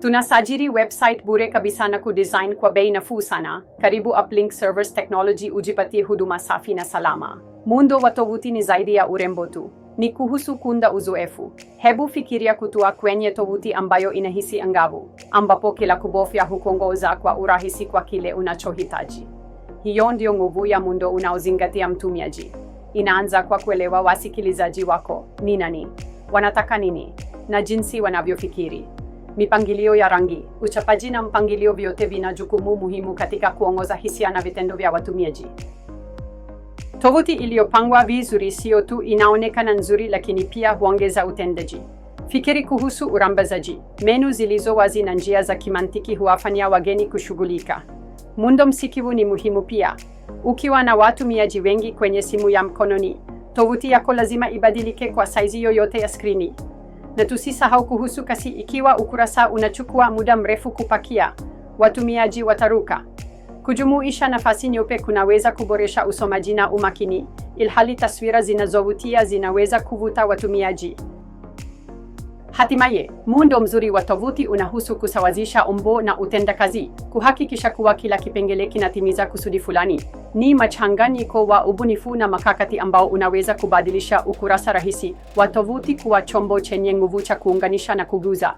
Tunasajiri website bure kabisa na kudesign kwa bei nafuu sana. Karibu Uplink Servers Technology ujipatie huduma safi na salama. Muundo wa tovuti ni zaidi ya urembo tu, ni kuhusu kunda uzoefu. Hebu fikiria kutua kwenye tovuti ambayo inahisi angavu, ambapo kila kubofya hukongoza kwa urahisi kwa kile unachohitaji. Hiyo ndio nguvu ya muundo unaozingatia mtumiaji. Inaanza kwa kuelewa wasikilizaji wako ni nani, wanataka nini, na jinsi wanavyofikiri. Mipangilio ya rangi. Uchapaji na mpangilio vyote vina jukumu muhimu katika kuongoza hisia na vitendo vya watumiaji. Tovuti iliyopangwa vizuri sio tu inaonekana nzuri, lakini pia huongeza utendaji. Fikiri kuhusu urambazaji. Menu zilizo wazi na njia za kimantiki huwafanya wageni kushughulika. Muundo msikivu ni muhimu pia. Ukiwa na watumiaji wengi kwenye simu ya mkononi, tovuti yako lazima ibadilike kwa saizi yoyote ya skrini na tusisahau kuhusu kasi ikiwa ukurasa unachukua muda mrefu kupakia, watumiaji wataruka. Kujumuisha nafasi nyeupe kunaweza kuboresha usomaji na umakini, ilhali taswira zinazovutia zinaweza kuvuta watumiaji. Hatimaye, muundo mzuri wa tovuti unahusu kusawazisha umbo na utendakazi, kuhakikisha kuwa kila kipengele kinatimiza kusudi fulani. Ni machanganyiko wa ubunifu na makakati ambao unaweza kubadilisha ukurasa rahisi wa tovuti kuwa chombo chenye nguvu cha kuunganisha na kuguza.